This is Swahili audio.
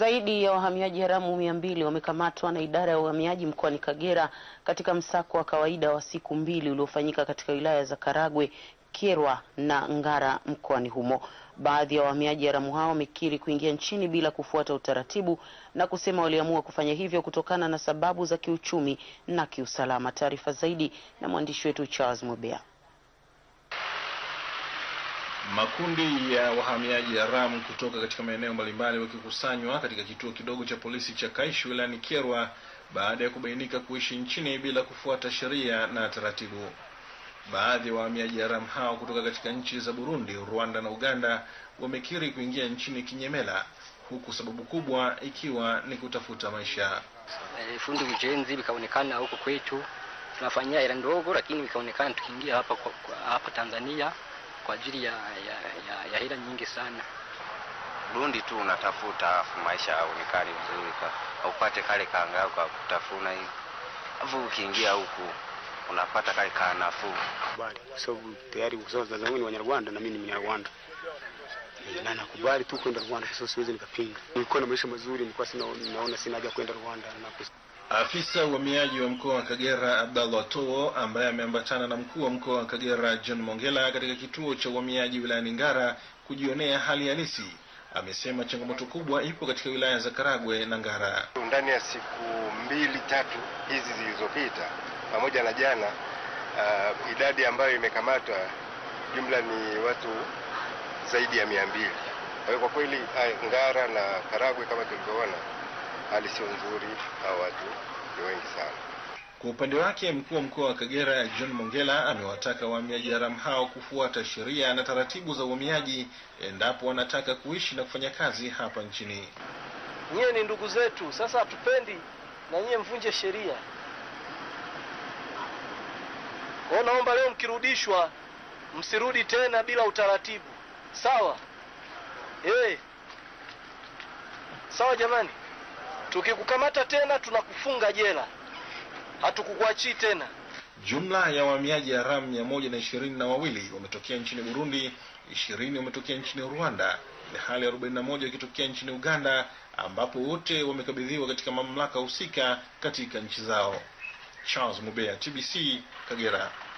Zaidi ya wahamiaji haramu mia mbili wamekamatwa na idara ya uhamiaji mkoani Kagera katika msako wa kawaida wa siku mbili uliofanyika katika wilaya za Karagwe, Kyerwa na Ngara mkoani humo. Baadhi ya wahamiaji haramu hao wamekiri kuingia nchini bila kufuata utaratibu na kusema waliamua kufanya hivyo kutokana na sababu za kiuchumi na kiusalama. Taarifa zaidi na mwandishi wetu Charles Mwebea. Makundi ya wahamiaji haramu kutoka katika maeneo mbalimbali wakikusanywa katika kituo kidogo cha polisi cha Kaishi wilayani Kyerwa baada ya kubainika kuishi nchini bila kufuata sheria na taratibu. Baadhi ya wahamiaji haramu hao kutoka katika nchi za Burundi, Rwanda na Uganda wamekiri kuingia nchini kinyemela, huku sababu kubwa ikiwa ni kutafuta maisha. E, fundi ujenzi vikaonekana huko kwetu tunafanyia hela ndogo, lakini vikaonekana tukiingia hapa, hapa Tanzania kwa ajili ya, ya, ya, ya hela nyingi sana. Burundi tu unatafuta maisha yaonekane vizuri, upate kale kaangao kwa kutafuna hivi, alafu ukiingia huku unapata kale ka bali, kwa sababu tayari zamani ni Wanyarwanda na mimi ni Mnyarwanda na nakubali tu kwenda Rwanda, kwa sababu siwezi nikapinga. Nilikuwa na maisha mazuri, nilikuwa sina, naona sina haja kwenda Rwanda na Afisa uhamiaji wa mkoa wa Kagera Abdallah Towo, ambaye ameambatana na mkuu wa mkoa wa Kagera John Mongela katika kituo cha uhamiaji wilayani Ngara kujionea hali halisi, amesema changamoto kubwa ipo katika wilaya za Karagwe na Ngara. Ndani ya siku mbili tatu hizi zilizopita, pamoja na jana, uh, idadi ambayo imekamatwa jumla ni watu zaidi ya mia mbili. Kwa hiyo kwa kweli uh, Ngara na Karagwe kama tulivyoona hali sio nzuri, hawa watu ni wengi sana. Kwa upande wake mkuu wa mkoa wa Kagera John Mongela amewataka wahamiaji haramu hao kufuata sheria na taratibu za uhamiaji endapo wanataka kuishi na kufanya kazi hapa nchini. Nyie ni ndugu zetu, sasa hatupendi na nyie mvunje sheria. Kwa naomba leo mkirudishwa, msirudi tena bila utaratibu, sawa? Hey. Eh. Sawa jamani. Tukikukamata tena tunakufunga jela, hatukukuachii tena. Jumla ya wahamiaji haramu mia moja na ishirini na wawili wametokea nchini Burundi, ishirini wametokea nchini Rwanda, hali arobaini na moja wakitokea nchini Uganda, ambapo wote wamekabidhiwa katika mamlaka husika katika nchi zao. Charles Mubea, TBC, Kagera.